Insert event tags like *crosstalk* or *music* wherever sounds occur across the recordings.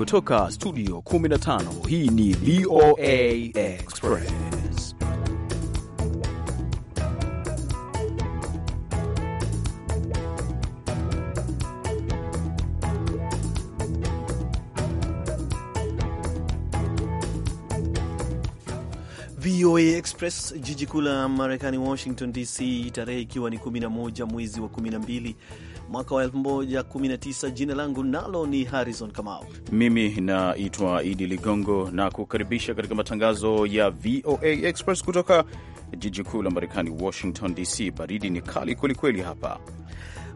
Kutoka studio 15 hii ni VOA Express. VOA Express, jiji kuu la Marekani, Washington DC, tarehe ikiwa ni 11 mwezi wa 12 mwaka wa 2019. Jina langu nalo ni Harrison Kamau, mimi naitwa Idi Ligongo na kukaribisha katika matangazo ya VOA Express kutoka jiji kuu la Marekani, Washington DC. Baridi ni kali kwelikweli hapa.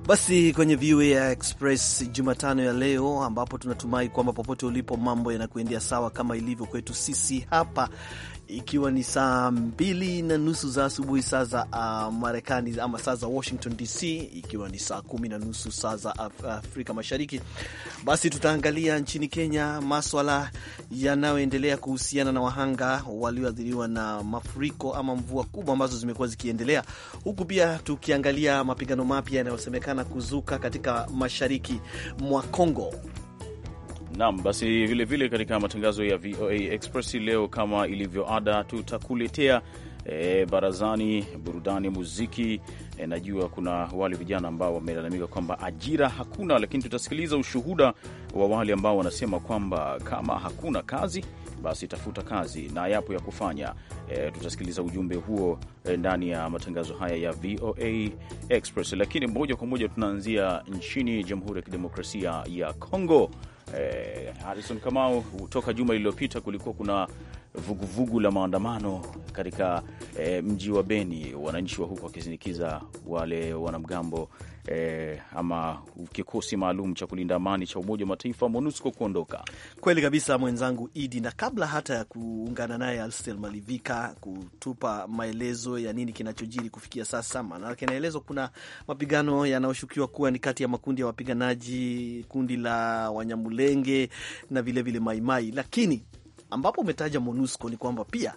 Basi kwenye VOA ya Express Jumatano ya leo, ambapo tunatumai kwamba popote ulipo mambo yanakuendea sawa kama ilivyo kwetu sisi hapa ikiwa ni saa mbili na nusu za asubuhi saa za uh, Marekani ama saa za Washington DC, ikiwa ni saa kumi na nusu saa za Af Afrika Mashariki. Basi tutaangalia nchini Kenya maswala yanayoendelea kuhusiana na wahanga walioathiriwa na mafuriko ama mvua kubwa ambazo zimekuwa zikiendelea, huku pia tukiangalia mapigano mapya yanayosemekana kuzuka katika mashariki mwa Kongo. Naam, basi vilevile vile katika matangazo ya VOA Express leo, kama ilivyo ada, tutakuletea e, barazani, burudani, muziki e, najua kuna wale vijana ambao wamelalamika kwamba ajira hakuna, lakini tutasikiliza ushuhuda wa wale ambao wanasema kwamba kama hakuna kazi basi tafuta kazi na yapo ya kufanya. E, tutasikiliza ujumbe huo ndani ya matangazo haya ya VOA Express, lakini moja kwa moja tunaanzia nchini Jamhuri ya Kidemokrasia ya Kongo eh, Harrison Kamau, toka juma lililopita kulikuwa kuna vuguvugu vugu la maandamano katika e, mji wa Beni, wananchi wa huko wakisindikiza wale wanamgambo e, ama kikosi maalum cha kulinda amani cha Umoja wa Mataifa MONUSCO kuondoka. Kweli kabisa mwenzangu Idi, na kabla hata ya kuungana naye Alstel Malivika kutupa maelezo ya nini kinachojiri kufikia sasa, maanake naelezwa kuna mapigano yanayoshukiwa kuwa ni kati ya makundi ya wapiganaji kundi la Wanyamulenge na vilevile Maimai, lakini ambapo umetaja MONUSCO ni kwamba pia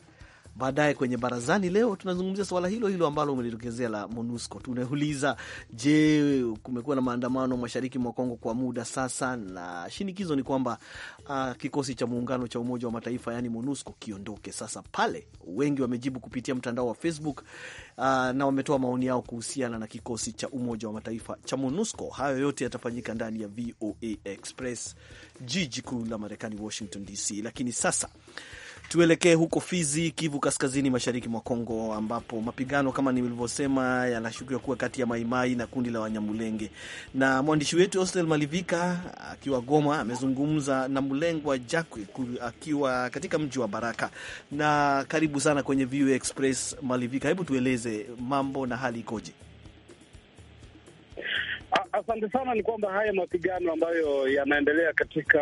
baadaye kwenye barazani. Leo tunazungumzia swala hilo hilo ambalo umelitokezea la MONUSCO. Tunauliza, je, kumekuwa na maandamano mashariki mwa Kongo kwa muda sasa, na shinikizo ni kwamba uh, kikosi cha muungano cha Umoja wa Mataifa yani MONUSCO kiondoke sasa pale. Wengi wamejibu kupitia mtandao wa Facebook uh, na wametoa maoni yao kuhusiana na kikosi cha Umoja wa Mataifa cha MONUSCO. Hayo yote yatafanyika ndani ya VOA Express, jiji kuu la Marekani, Washington DC. Lakini sasa Tuelekee huko Fizi, Kivu Kaskazini, mashariki mwa Kongo, ambapo mapigano kama nilivyosema yanashukiwa kuwa kati ya Maimai na kundi la Wanyamulenge. Na mwandishi wetu Ostel Malivika akiwa Goma amezungumza na mlengwa jakwe akiwa katika mji wa Baraka. Na karibu sana kwenye VOA Express, Malivika, hebu tueleze mambo na hali ikoje? Asante sana. Ni kwamba haya mapigano ambayo yanaendelea katika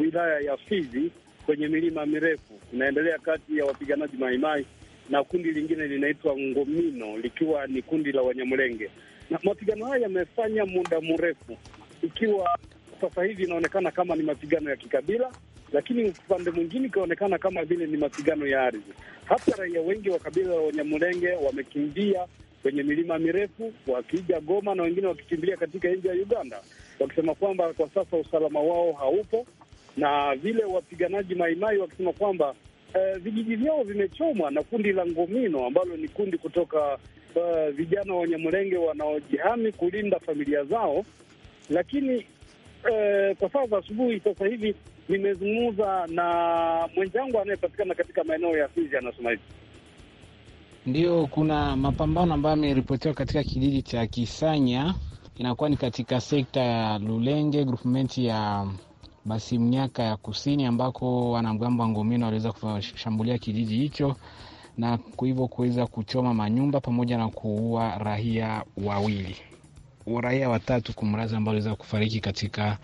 wilaya ya Fizi kwenye milima mirefu inaendelea kati ya wapiganaji Maimai na kundi lingine linaitwa Ngomino likiwa ni kundi la Wanyamulenge, na mapigano haya yamefanya muda mrefu, ikiwa sasa hivi inaonekana kama ni mapigano ya kikabila, lakini upande mwingine ikaonekana kama vile ni mapigano ya ardhi. Hata raia wengi wa kabila la Wanyamulenge wamekimbia kwenye milima mirefu wakija Goma na wengine wakikimbilia katika nchi ya Uganda, wakisema kwamba kwa sasa usalama wao haupo na vile wapiganaji Maimai wakisema kwamba eh, vijiji vyao vimechomwa na kundi la Ngomino ambalo ni kundi kutoka eh, vijana Wanyamulenge wanaojihami kulinda familia zao, lakini eh, kwa sasa asubuhi sasa hivi nimezungumza na mwenzangu anayepatikana katika maeneo ya Fizi, anasema hivi ndio kuna mapambano ambayo ameripotiwa katika kijiji cha Kisanya, inakuwa ni katika sekta ya Lulenge, grupmenti ya basi miaka ya kusini ambako wanamgambo wa Ngomino waliweza kushambulia kijiji hicho na hivyo kuweza kuchoma manyumba pamoja na kuua raia wawili, raia watatu kumraza ambao waliweza kufariki katika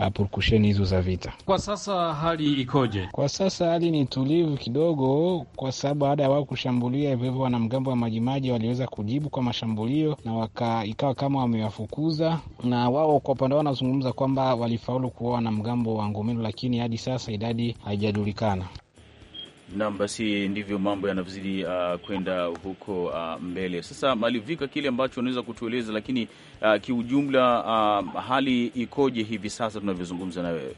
Uh, purukusheni hizo za vita. Kwa sasa hali ikoje? Kwa sasa hali ni tulivu kidogo, kwa sababu baada ya wao kushambulia hivyo hivyo, wanamgambo wa Majimaji waliweza kujibu kwa mashambulio na waka, ikawa kama wamewafukuza, na wao kwa upande wao wanazungumza kwamba walifaulu kuoa wanamgambo wa Ngomelo, lakini hadi sasa idadi haijajulikana. Nam, basi ndivyo mambo yanavyozidi uh, kwenda huko uh, mbele. Sasa malivika kile ambacho unaweza kutueleza, lakini uh, kiujumla uh, hali ikoje hivi sasa tunavyozungumza na wewe?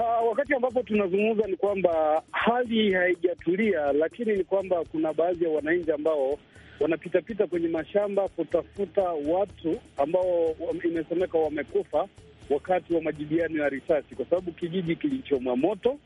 Uh, wakati ambapo tunazungumza ni kwamba hali haijatulia, lakini ni kwamba kuna baadhi ya wananchi ambao wanapitapita kwenye mashamba kutafuta watu ambao imesemeka wamekufa wakati wa majibiano ya risasi, kwa sababu kijiji kilichomwa moto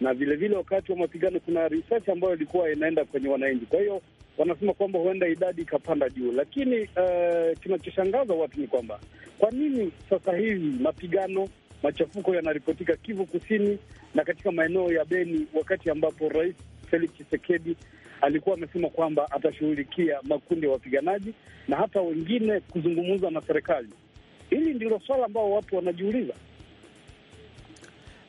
na vilevile vile wakati wa mapigano kuna research ambayo ilikuwa inaenda kwenye wananchi. Kwa hiyo wanasema kwamba huenda idadi ikapanda juu, lakini uh, kinachoshangaza watu ni kwamba kwa nini sasa hivi mapigano machafuko yanaripotika Kivu Kusini na katika maeneo ya Beni, wakati ambapo Rais Felix Tshisekedi alikuwa amesema kwamba atashughulikia makundi ya wapiganaji na hata wengine kuzungumza na serikali. Hili ndilo swala ambao watu wanajiuliza.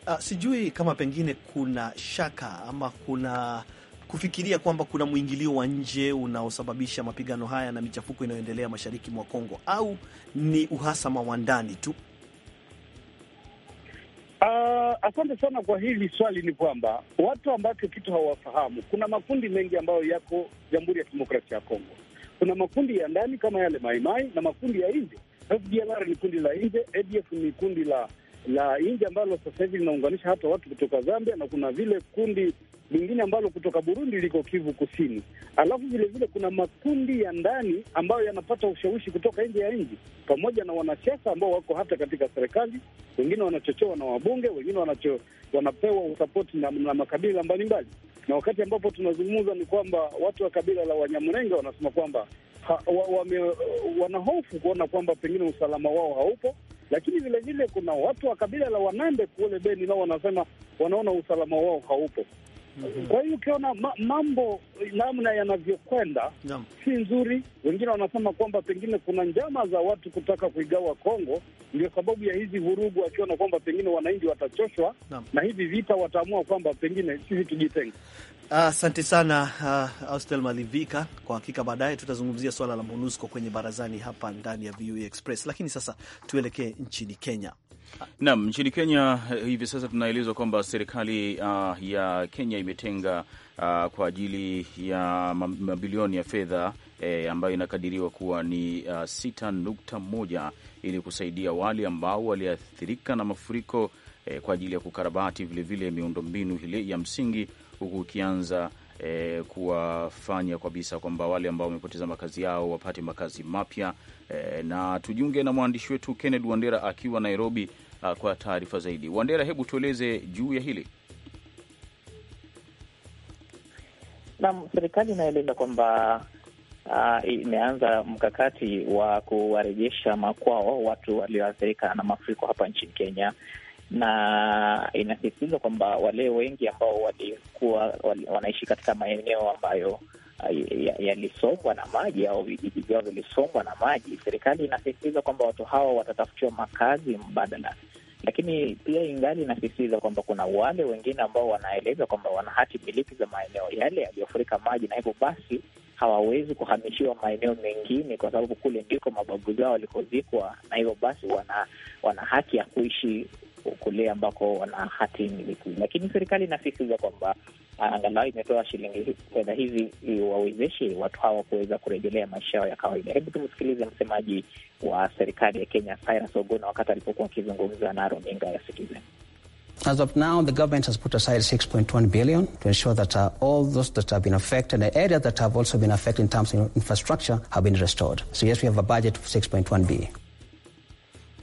Uh, sijui kama pengine kuna shaka ama kuna kufikiria kwamba kuna mwingilio wa nje unaosababisha mapigano haya na michafuko inayoendelea mashariki mwa Kongo au ni uhasama wa ndani tu? Uh, asante sana kwa hili swali. Ni kwamba watu ambacho kitu hawafahamu, kuna makundi mengi ambayo yako Jamhuri ya Kidemokrasia ya Kongo. Kuna makundi ya ndani kama yale Maimai na makundi ya nje. FDLR ni kundi la nje, ADF ni kundi la la nje ambalo sasa hivi linaunganisha hata watu kutoka Zambia na kuna vile kundi lingine ambalo kutoka Burundi liko Kivu Kusini, alafu vilevile kuna makundi ya ndani ambayo yanapata ushawishi kutoka nje ya nji pamoja na wanasiasa ambao wako hata katika serikali. Wengine wanachochewa na wabunge, wengine wanacho, wanapewa usapoti na, na makabila mbalimbali. Na wakati ambapo tunazungumza ni kwamba watu wa kabila la wanyamrenge wanasema kwamba wa, wa, wanahofu kuona kwamba pengine usalama wao haupo lakini vilevile kuna watu wa kabila la Wanande kule Beni nao wanasema wanaona usalama wao haupo. Mhm. Kwa hiyo ukiona ma, mambo namna yanavyokwenda yeah, si nzuri. Wengine wanasema kwamba pengine kuna njama za watu kutaka kuigawa Kongo, ndio sababu ya hizi vurugu, wakiona kwamba pengine wananchi watachoshwa yeah, na hivi vita, wataamua kwamba pengine sisi tujitenge. Asante uh, sana uh, Austel Malivika. Kwa hakika baadaye tutazungumzia swala la MONUSCO kwenye barazani hapa ndani ya VOA e Express, lakini sasa tuelekee nchini Kenya. Naam, nchini Kenya eh, hivi sasa tunaelezwa kwamba serikali uh, ya Kenya imetenga uh, kwa ajili ya mabilioni ya fedha E, ambayo inakadiriwa kuwa ni uh, ah, 6.1 nukta moja ili kusaidia wale ambao waliathirika na mafuriko e, kwa ajili ya kukarabati vilevile miundombinu ile ya msingi huku ikianza e, kuwafanya kabisa kwamba wale ambao wamepoteza makazi yao wapate makazi mapya e, na tujiunge na mwandishi wetu kenned Wandera akiwa Nairobi a, kwa taarifa zaidi. Wandera, hebu tueleze juu ya hili. Naam, serikali inaeleza kwamba uh, imeanza mkakati wa kuwarejesha makwao watu walioathirika na mafuriko hapa nchini Kenya na inasisitiza kwamba wale wengi ambao walikuwa wanaishi katika maeneo ambayo uh, yalisombwa na maji au vijiji vyao vilisombwa na maji, serikali inasisitiza kwamba watu hawa watatafutiwa makazi mbadala, lakini pia ingali inasisitiza kwamba kuna wale wengine ambao wanaeleza kwamba wana hati miliki za maeneo yale yaliyofurika maji, na hivyo basi hawawezi kuhamishiwa maeneo mengine kwa sababu kule ndiko mababu zao walikozikwa, na hivyo basi wana, wana haki ya kuishi kule ambako wana hati miliki, lakini serikali inasisitiza kwamba ah, angalau imetoa shilingi fedha hizi wawezeshe watu hawa kuweza kurejelea maisha yao ya kawaida. Hebu tumsikilize msemaji wa serikali ya Kenya Cyrus Ogona wakati alipokuwa akizungumza na runinga ya Citizen. As of now, the government has put aside 6.1 billion to ensure that uh, all those that have been affected and the areas that have also been affected in terms of infrastructure have been restored. So yes, we have a budget of 6.1 billion.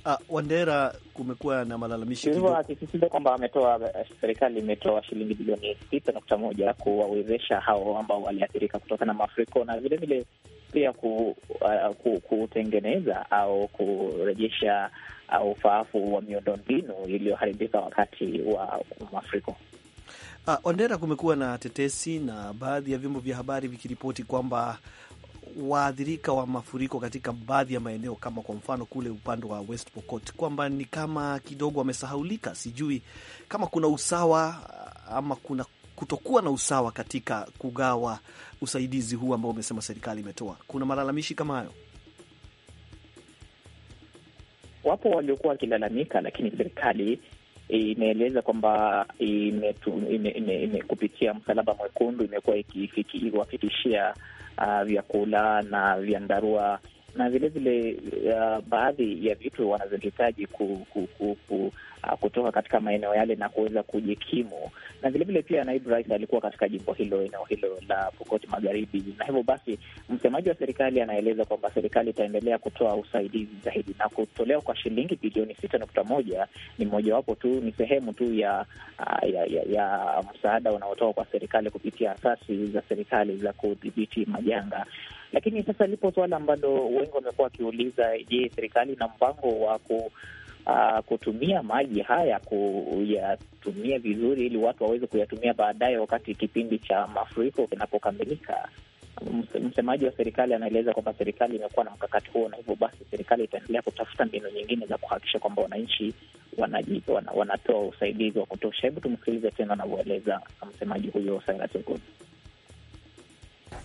Ah, Wandera, kumekuwa na malalamishi hivyo, akisisitiza kwamba ametoa eh, serikali imetoa shilingi bilioni sita nukta moja kuwawezesha hao ambao waliathirika kutokana na mafuriko na vilevile pia ku, uh, ku, kutengeneza au kurejesha uh, ufaafu wa miundombinu iliyoharibika wakati wa mafuriko. Ah, Wandera, kumekuwa na tetesi na baadhi ya vyombo vya habari vikiripoti kwamba waathirika wa mafuriko katika baadhi ya maeneo kama kwa mfano kule upande wa West Pokot, kwamba ni kama kidogo wamesahaulika. Sijui kama kuna usawa uh, ama kuna kutokuwa na usawa katika kugawa usaidizi huu ambao umesema serikali imetoa. Kuna malalamishi kama hayo? Wapo waliokuwa wakilalamika, lakini serikali imeeleza kwamba kupitia Msalaba Mwekundu imekuwa ikiwafikishia uh, vyakula na vyandarua na vilevile uh, baadhi ya vitu wanavyohitaji ku, ku, ku, ku, uh, kutoka katika maeneo yale na kuweza kujikimu, na vilevile pia naibu rais alikuwa katika jimbo hilo, eneo hilo la Pokoti Magharibi, na hivyo basi msemaji wa serikali anaeleza kwamba serikali itaendelea kutoa usaidizi zaidi, na kutolewa kwa shilingi bilioni sita nukta moja ni mojawapo tu, ni sehemu tu ya uh, ya, ya, ya msaada unaotoka kwa serikali kupitia asasi za serikali za kudhibiti majanga lakini sasa lipo suala ambalo wengi wamekuwa wakiuliza, je, serikali ina mpango wa ku uh, kutumia maji haya kuyatumia vizuri, ili watu waweze kuyatumia baadaye wakati kipindi cha mafuriko kinapokamilika. Msemaji wa serikali anaeleza kwamba serikali imekuwa na mkakati huo, na hivyo basi serikali itaendelea kutafuta mbinu nyingine za kuhakikisha kwamba wananchi wanatoa usaidizi wa kutosha. Hebu tumsikilize tena anavyoeleza msemaji huyo Cyrus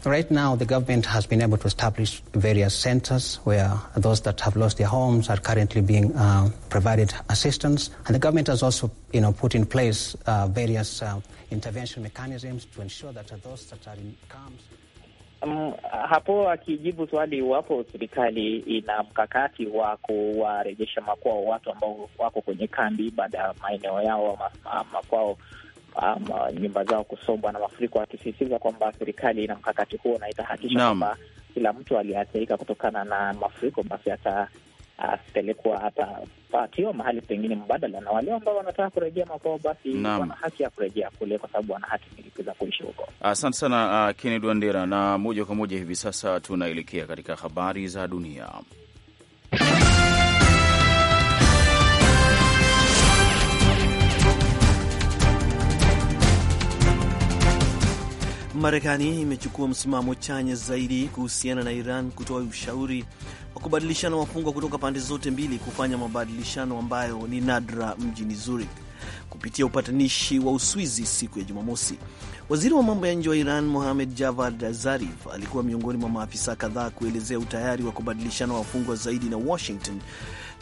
Right now, the government has been able to establish various centers where those that have lost their homes are currently being uh, provided assistance. And the government has also, you know, put in place uh, various uh, intervention mechanisms to ensure that those that are in camps. Um, hapo akijibu swali iwapo serikali ina mkakati wa kuwarejesha makwao watu ambao wako kwenye kambi baada ya maeneo yao makwao um, nyumba zao kusombwa na mafuriko, akisisitiza kwamba serikali ina mkakati huo na itahakikisha kwamba kila mtu aliyeathirika kutokana na mafuriko basi ata asipelekwa ah, atapatiwa mahali pengine mbadala, na wale ambao wanataka kurejea makwao basi wana haki ya kurejea kule, kwa sababu wana hati miliki za kuishi huko. Asante sana uh, Kennedy Wandera. Na moja kwa moja hivi sasa tunaelekea katika habari za dunia. Marekani imechukua msimamo chanya zaidi kuhusiana na Iran, kutoa ushauri wa kubadilishana wafungwa kutoka pande zote mbili kufanya mabadilishano ambayo ni nadra mjini Zurich kupitia upatanishi wa Uswizi siku ya Jumamosi. Waziri wa mambo ya nje wa Iran Mohamed Javad Zarif alikuwa miongoni mwa maafisa kadhaa kuelezea utayari wa kubadilishana wafungwa zaidi na Washington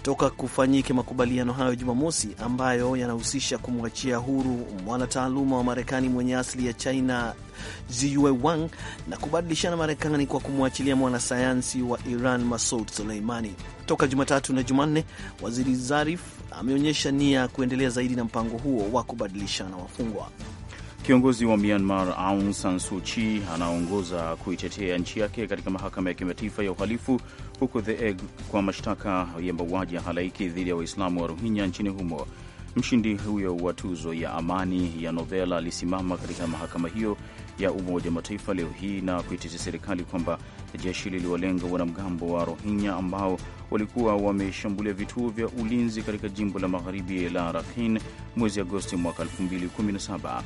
toka kufanyike makubaliano hayo Jumamosi, ambayo yanahusisha kumwachia huru mwanataaluma wa Marekani mwenye asili ya China Ziyue Wang na kubadilishana Marekani kwa kumwachilia mwanasayansi wa Iran Masoud Suleimani. Toka Jumatatu na Jumanne, waziri Zarif ameonyesha nia ya kuendelea zaidi na mpango huo wa kubadilishana wafungwa. Kiongozi wa Myanmar Aung San Suu Kyi anaongoza kuitetea nchi yake katika mahakama ya kimataifa ya uhalifu huko The Hague kwa mashtaka ya mauaji ya halaiki dhidi ya Waislamu wa Rohingya nchini humo. Mshindi huyo wa tuzo ya amani ya Nobel alisimama katika mahakama hiyo ya Umoja wa Mataifa leo hii na kuitetea serikali kwamba jeshi liliwalenga wanamgambo wa Rohingya ambao walikuwa wameshambulia vituo vya ulinzi katika jimbo la magharibi la Rakhine mwezi Agosti mwaka 2017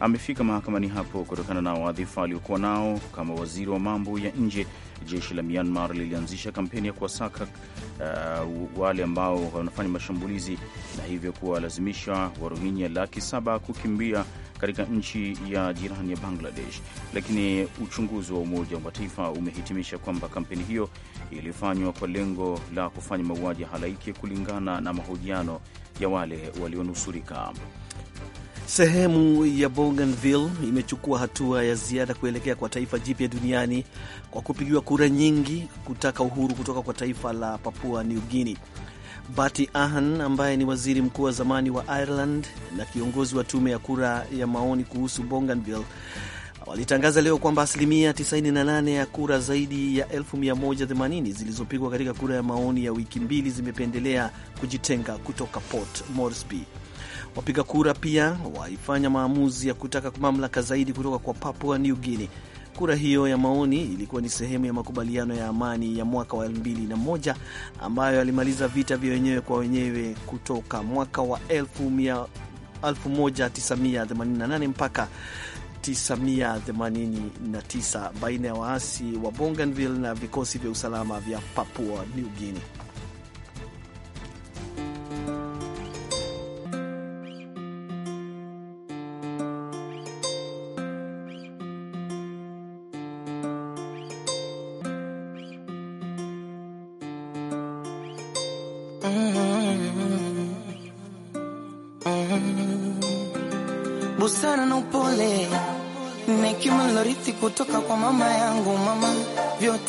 amefika mahakamani hapo kutokana na wadhifa aliokuwa nao kama waziri wa mambo ya nje. Jeshi la Myanmar lilianzisha kampeni ya kuwasaka uh, wale ambao wanafanya mashambulizi na hivyo kuwalazimisha Warohinya laki saba kukimbia katika nchi ya jirani ya Bangladesh, lakini uchunguzi wa Umoja wa Mataifa umehitimisha kwamba kampeni hiyo ilifanywa kwa lengo la kufanya mauaji halaiki kulingana na mahojiano ya wale walionusurika. Sehemu ya Bougainville imechukua hatua ya ziada kuelekea kwa taifa jipya duniani kwa kupigiwa kura nyingi kutaka uhuru kutoka kwa taifa la Papua New Guinea. Bati ahan ambaye ni waziri mkuu wa zamani wa Ireland na kiongozi wa tume ya kura ya maoni kuhusu Bougainville walitangaza leo kwamba asilimia 98 ya kura zaidi ya 180 zilizopigwa katika kura ya maoni ya wiki mbili zimependelea kujitenga kutoka Port Moresby. Wapiga kura pia waifanya maamuzi ya kutaka mamlaka zaidi kutoka kwa Papua New Guinea. Kura hiyo ya maoni ilikuwa ni sehemu ya makubaliano ya amani ya mwaka wa 2001 ambayo alimaliza vita vya wenyewe kwa wenyewe kutoka mwaka wa 1988 mpaka 1989 baina ya waasi wa Bougainville na vikosi vya usalama vya Papua New Guinea.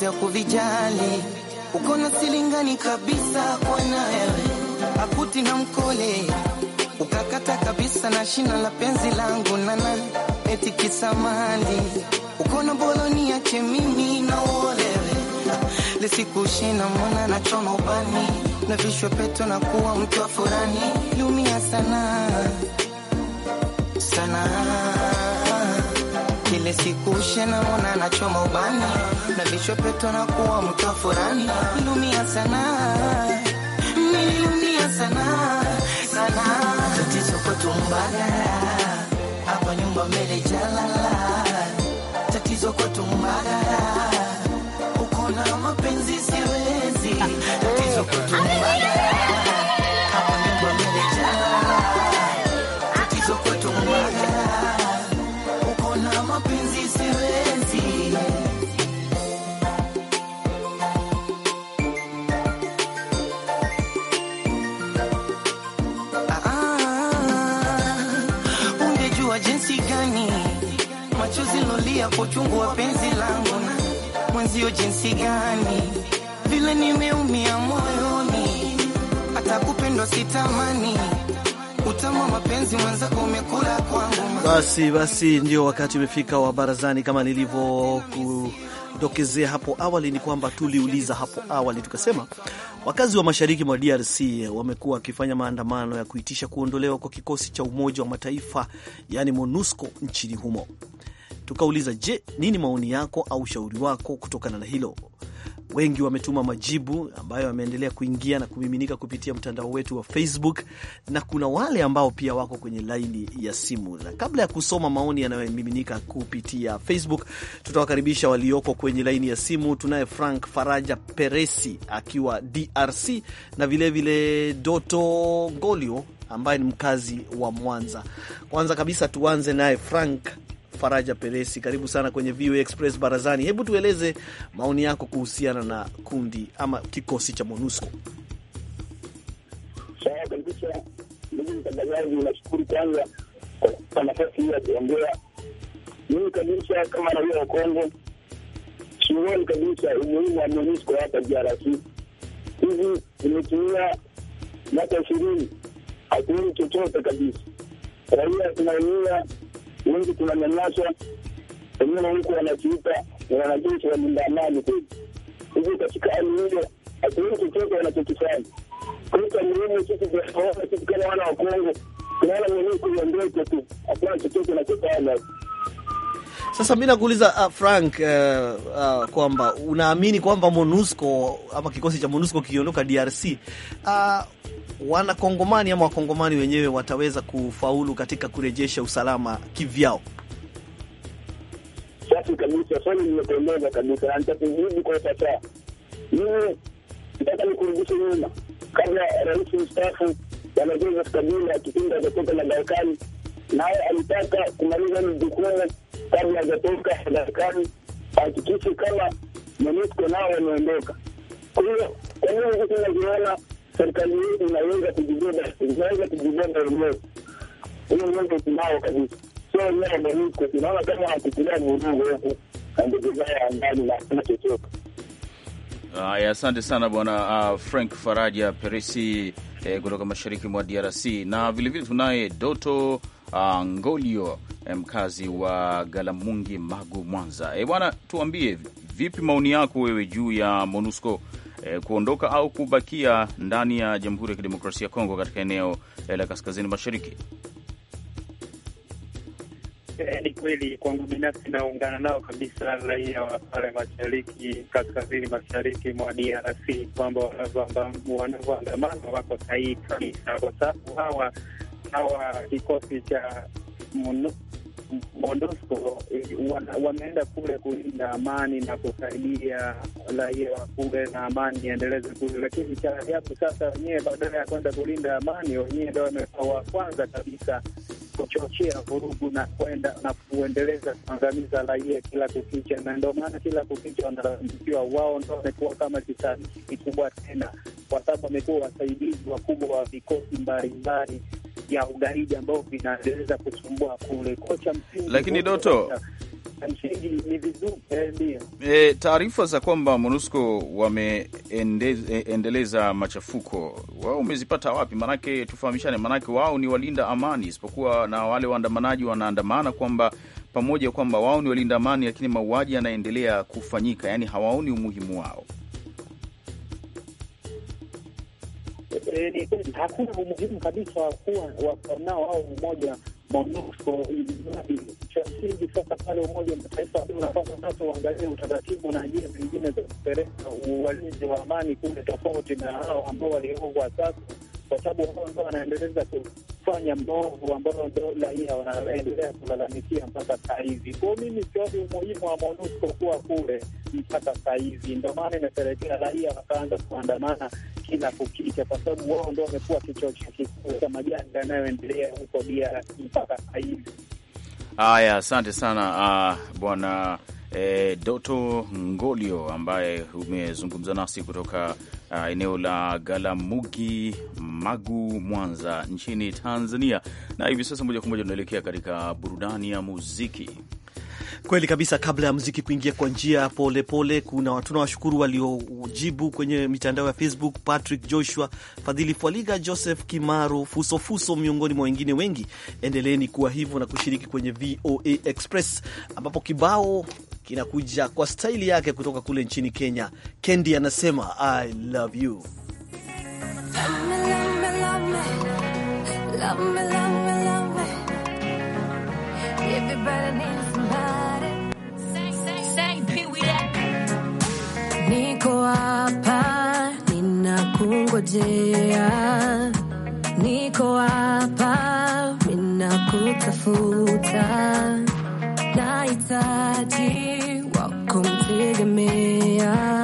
kuvijali uko na silingani kabisa kwa nawe akuti na mkole ukakata kabisa na shina la penzi langu nana eti kisamali uko na boloni yache mimi na olewe lisikushina mwana na choma ubani na vishwe peto na kuwa mtu wa furani liumia sana sana ile siku ushe naona nachoma ubana na vichwa peto na kuwa mtu furani. Nilumia sana, nilumia sana sana, tatizo kutumbana hapa nyumba mbele jalala, tatizo kutumbana uko na mapenzi siwezi, tatizo kutumbana Ninapochungua penzi langu na mwenzio, jinsi gani vile nimeumia moyoni, hata kupendwa sitamani. Basi basi, ndio wakati umefika wa barazani. Kama nilivyokudokezea hapo awali, ni kwamba tuliuliza hapo awali tukasema, wakazi wa mashariki mwa DRC wamekuwa wakifanya maandamano ya kuitisha kuondolewa kwa kikosi cha Umoja wa Mataifa, yaani MONUSCO nchini humo. Tukauliza, je, nini maoni yako au ushauri wako kutokana na hilo? Wengi wametuma majibu ambayo yameendelea kuingia na kumiminika kupitia mtandao wetu wa Facebook, na kuna wale ambao pia wako kwenye laini ya simu. Na kabla ya kusoma maoni yanayomiminika kupitia Facebook, tutawakaribisha walioko kwenye laini ya simu. Tunaye Frank Faraja Peresi akiwa DRC na vilevile vile Doto Ngolio ambaye ni mkazi wa Mwanza. Kwanza kabisa tuanze naye Frank Faraja Peresi, karibu sana kwenye VOA Express barazani. Hebu tueleze maoni yako kuhusiana na kundi ama kikosi cha MONUSCO. Sawa kabisa, ndugu mtangazaji, nashukuru kwanza kwa nafasi hii ya kuongea. Mimi kabisa kama raia wa Kongo siuoni kabisa umuhimu wa MONUSCO hapa DRC. Hivi imetumia miaka ishirini, hatuoni chochote kabisa. Raia tunaumia wengi tunanyanyaswa, wengine huku wanatuita wanajeshi walinda amani kweli. Hivyo katika hali hiyo hatuoni chochote wanachokifanya. Kwa hiyo muhimu sisi viongozi, sisi kama wana wa Kongo tunaona mwenyewe kuiondoke tu, hakuna chochote wanachofanya. Sasa mi nakuuliza uh, Frank uh, uh, kwamba unaamini kwamba MONUSCO ama kikosi cha MONUSCO kikiondoka DRC uh, wanakongomani ama wakongomani wenyewe wataweza kufaulu katika kurejesha usalama kivyao? Safi kabisa, swali limependeza kabisa, na nitakujibu kwa ufasaha. Mimi nataka nikurudishe nyuma, kabla rais mstaafu Bwana Joseph Kabila akipinda kutoka madarakani, naye alitaka kumaliza mjukumu kabla hajatoka madarakani, hakikishi kama MONUSCO nao wameondoka. Kwa hiyo kwa nini tunaziona serikali hii inaweza kujibeba, inaweza kujibeba wenyewe, hiyo uwezo tunao kabisa. So leo MONUSCO tunaona kama wakukulia vurugu huku na ndege zao ya ndani na hakuna chochote Haya, asante sana bwana uh, Frank Faraja Peresi eh, kutoka mashariki mwa DRC na vilevile tunaye Doto uh, Ngolio eh, mkazi wa Galamungi, Magu, Mwanza. Eh, bwana, tuambie vipi maoni yako wewe juu ya MONUSCO eh, kuondoka au kubakia ndani ya Jamhuri ya Kidemokrasia ya Kongo katika eneo eh, la kaskazini mashariki? Ni yaani kweli kwangu binafsi naungana nao kabisa, raia wa pale mashariki, kaskazini mashariki mwa DRC kwamba wanavyoandamana wako sahihi kabisa, kwa sababu hawa hawa kikosi cha MONUSCO eh, wameenda kule kulinda amani na kusaidia raia wa kule na amani iendeleze kule, lakini cha ajabu sasa, wenyewe badala ya kwenda kulinda amani, wenyewe ndo wamekuwa wa kwanza kabisa kuchochea vurugu na kwenda na kuendeleza kuangamiza raia kila kukicha, na ndio maana kila kukicha wanalalamikiwa. Wao ndo wamekuwa kama kisasi kikubwa tena, kwa sababu wamekuwa wasaidizi wakubwa wa vikosi mbalimbali vya ugaidi ambao vinaendeleza kusumbua kule kocha msingi. Lakini Doto, eh, E, taarifa za kwamba MONUSCO wameendeleza e, machafuko wao umezipata wapi? Maanake tufahamishane, maanake wao ni walinda amani, isipokuwa na wale waandamanaji wanaandamana kwamba pamoja kwamba wao ni walinda amani, lakini mauaji yanaendelea kufanyika, yaani hawaoni umuhimu wao. e, hakuna umuhimu kabisa wakuwa nao au umoja MONUSCO msingi Sasa pale Umoja wa Mataifa unapasa sasa uangalie utaratibu na njia zingine za kupeleka uwalinzi wa amani kule, tofauti na hao ambao waliogwa sasa kwa sababu wao ndio wanaendeleza kufanya mbovu ambao ndio raia wanaendelea kulalamikia mpaka saa hizi. Kwao mimi sioni umuhimu wa MONUSCO kuwa kule mpaka saa hizi, ndio maana imepelekea raia wakaanza kuandamana kila kukicha, kwa sababu wao ndio wamekuwa kichocheo kikuu cha majanga yanayoendelea huko DRC mpaka saa hizi. Haya, asante sana uh, bwana eh, Doto Ngolio ambaye umezungumza nasi kutoka uh, eneo la Galamugi Magu, Mwanza nchini Tanzania. Na hivi sasa moja kwa moja tunaelekea katika burudani ya muziki. Kweli kabisa. Kabla ya muziki kuingia kwa njia polepole, kuna tunawashukuru waliojibu kwenye mitandao ya Facebook: Patrick Joshua, Fadhili Fwaliga, Joseph Kimaro, Fusofuso, miongoni mwa wengine wengi. Endeleeni kuwa hivyo na kushiriki kwenye VOA Express ambapo kibao kinakuja kwa staili yake kutoka kule nchini Kenya. Kendi anasema I love you love me, love me, love me. ningejea, niko hapa, ninakutafuta, nahitaji wako mtegemea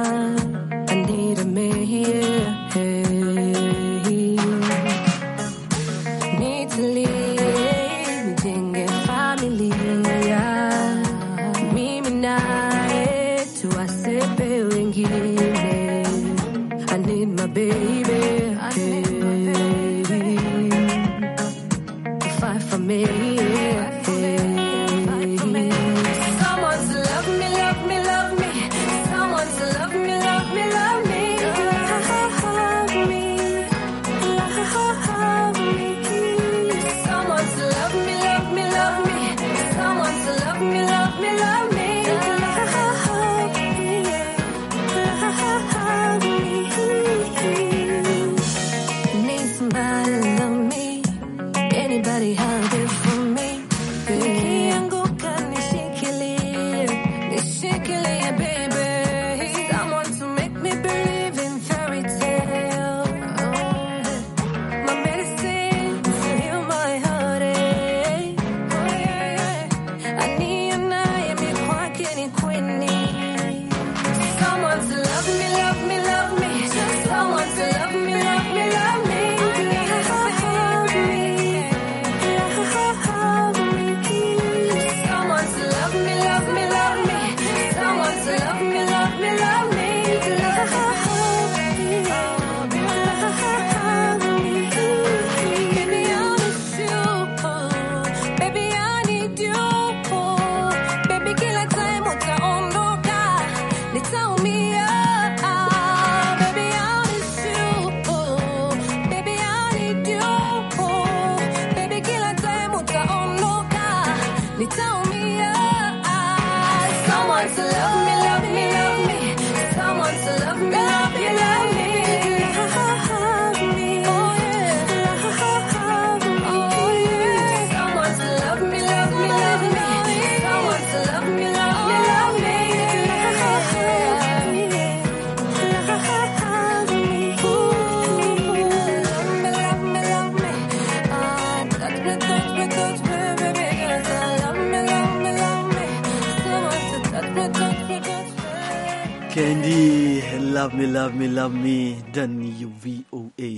Kendi, love me, love me, love me ndani ya VOA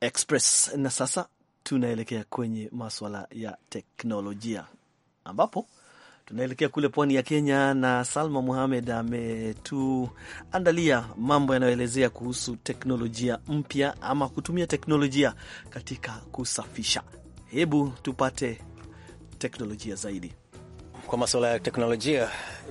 Express. Na sasa tunaelekea kwenye maswala ya teknolojia ambapo tunaelekea kule pwani ya Kenya na Salma Muhamed ametuandalia mambo yanayoelezea kuhusu teknolojia mpya ama kutumia teknolojia katika kusafisha. Hebu tupate teknolojia zaidi kwa masuala ya teknolojia,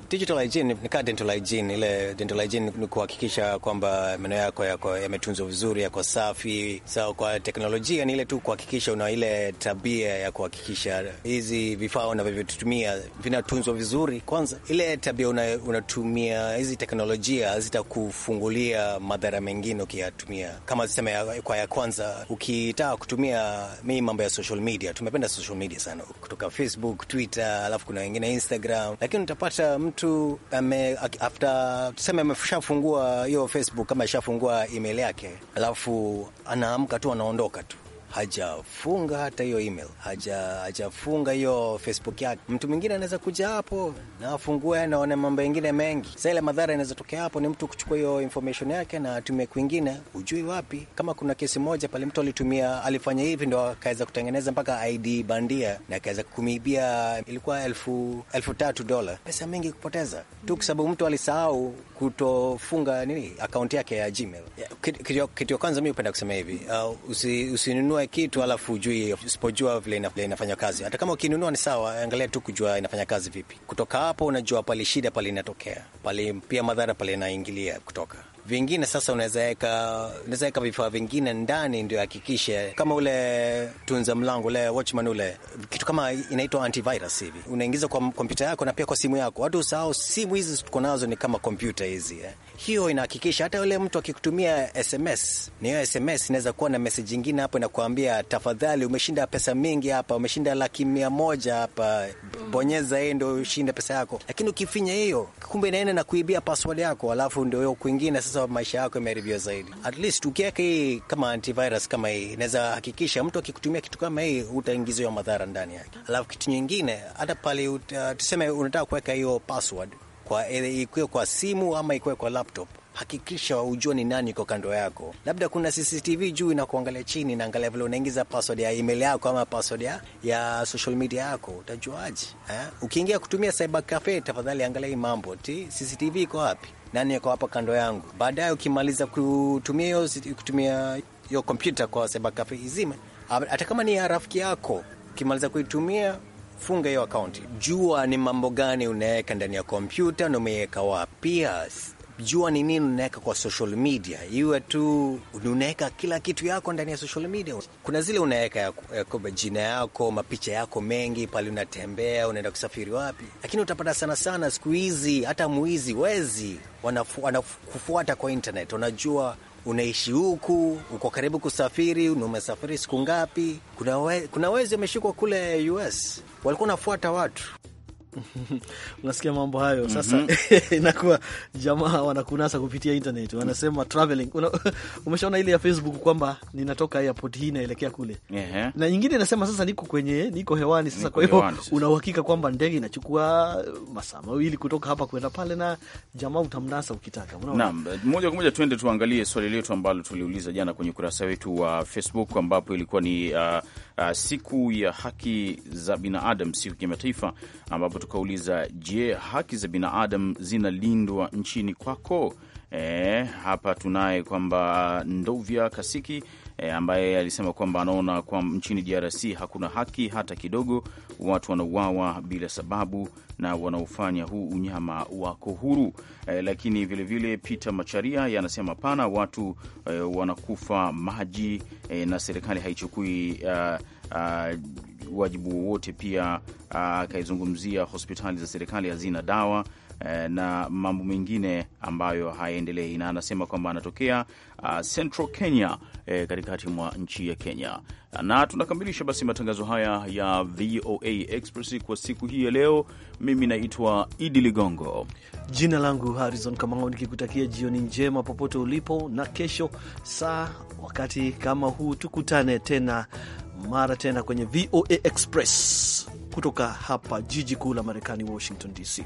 digital hygiene ni kaa dental hygiene. Ile dental hygiene ni kuhakikisha kwamba meno yako yako yametunzwa vizuri, yako safi. Sawa, kwa teknolojia ni ile tu kuhakikisha una ile tabia ya kuhakikisha hizi vifaa unavyovitumia vinatunzwa vizuri. Kwanza ile tabia unatumia una hizi teknolojia zitakufungulia madhara mengine ukiyatumia, kama sema ya, kwa ya kwanza ukitaka kutumia mii mambo ya social media, tumependa social media sana kutoka Facebook, Twitter, alafu kuna wengine na Instagram, lakini utapata mtu ame, after tuseme ameshafungua hiyo Facebook kama ishafungua email yake, alafu anaamka tu anaondoka tu hajafunga hata hiyo email, haja hajafunga hiyo Facebook yake. Mtu mwingine anaweza kuja hapo na afungue naone mambo mengine mengi. Sasa ile madhara inaweza tokea hapo ni mtu kuchukua hiyo information yake na atumie kwingine, hujui wapi. Kama kuna kesi moja pale mtu alitumia, alifanya hivi ndo akaweza kutengeneza mpaka ID bandia na akaweza kumibia, ilikuwa elfu, elfu tatu dola, pesa mingi kupoteza tu kwa sababu mtu alisahau kutofunga nini akaunti yake ya Gmail. Kitu ya kwanza mi upenda kusema hivi, uh, usinunue usi usinunue kitu alafu ujui, usipojua vile inafanya kazi. Hata kama ukinunua ni sawa, angalia tu kujua inafanya kazi vipi. Kutoka hapo unajua pale shida pale inatokea, pale pia madhara pale inaingilia kutoka Vingine sasa unaweza weka unaweza weka vifaa vingine ndani, ndio hakikishe kama ule tunza mlango ule watchman ule, kitu kama inaitwa antivirus hivi, unaingiza kwa kompyuta yako na pia kwa simu yako. Watu usahau simu hizi tuko nazo ni kama kompyuta hizi eh. Hiyo inahakikisha hata yule mtu akikutumia SMS, ni hiyo SMS inaweza kuwa na meseji ingine hapo inakuambia, tafadhali umeshinda pesa mingi hapa, umeshinda laki mia moja hapa, bonyeza hii ndo ushinde pesa yako. Lakini ukifinya hiyo, kumbe inaenda na kuibia password yako, alafu ndio hiyo kwingine sasa sasa maisha yako yameharibiwa zaidi. At least ukiweka hii kama antivirus kama hii inaweza hakikisha mtu akikutumia kitu kama hii utaingiziwa madhara ndani yake. Alafu kitu nyingine, hata pale uh, tuseme unataka kuweka hiyo password kwa eh, ikuwe kwa simu ama ikuwe kwa laptop Hakikisha ujue ni nani iko kando yako, labda kuna CCTV juu inakuangalia chini, naangalia vile unaingiza password ya email yako ama password ya, ya social media yako. Utajuaje? Eh? Ukiingia kutumia cyber cafe, tafadhali angalia hii mambo ti CCTV iko wapi nani yako hapa kando yangu. Baadaye ukimaliza kutumia hiyo kutumia hiyo kompyuta kwa seba kafe izima, hata kama ni ya rafiki yako, ukimaliza kuitumia funga hiyo akaunti. Jua ni mambo gani unaweka ndani ya kompyuta na umeweka wapi jua ni nini unaweka kwa social media, iwe tu unaweka kila kitu yako ndani ya social media. Kuna zile unaweka ya, ya, jina yako, mapicha yako mengi pale, unatembea, unaenda kusafiri wapi, lakini utapata sana sana siku hizi hata mwizi, wezi wanakufuata kwa internet, unajua unaishi huku, uko karibu kusafiri, umesafiri siku ngapi? Kuna, we, kuna wezi wameshikwa kule US, walikuwa unafuata watu *laughs* unasikia mambo hayo mhm. sasa. mm *laughs* -hmm. Inakuwa jamaa wanakunasa kupitia internet, wanasema traveling. Una, *laughs* Umeshaona ile ya Facebook kwamba ninatoka airport hii naelekea kule. uh -huh. na nyingine inasema sasa niko kwenye niko hewani sasa. Kwa hiyo una uhakika kwamba ndege inachukua masaa mawili kutoka hapa kwenda pale, na jamaa utamnasa ukitaka. Naam, moja kwa moja tuende tuangalie swali letu ambalo tuliuliza jana kwenye ukurasa wetu wa Facebook ambapo ilikuwa ni uh, uh, siku ya haki za binadamu, siku kimataifa ambapo tukauliza, je, haki za binadamu zinalindwa nchini kwako? E, hapa tunaye kwamba Ndovya Kasiki e, ambaye alisema kwamba anaona kwa nchini DRC hakuna haki hata kidogo, watu wanauawa bila sababu na wanaofanya huu unyama wako huru. E, lakini vilevile Peter Macharia yanasema pana watu e, wanakufa maji e, na serikali haichukui uh, uh, wajibu wowote. Pia uh, akaizungumzia uh, hospitali za serikali hazina dawa uh, na mambo mengine ambayo hayaendelei, na anasema kwamba anatokea uh, Central Kenya eh, katikati mwa nchi ya Kenya. Na tunakamilisha basi matangazo haya ya VOA Express kwa siku hii ya leo. Mimi naitwa Idi Ligongo, jina langu Harrison Kamau, nikikutakia jioni njema popote ulipo, na kesho saa wakati kama huu tukutane tena mara tena kwenye VOA Express kutoka hapa jiji kuu la Marekani, Washington DC.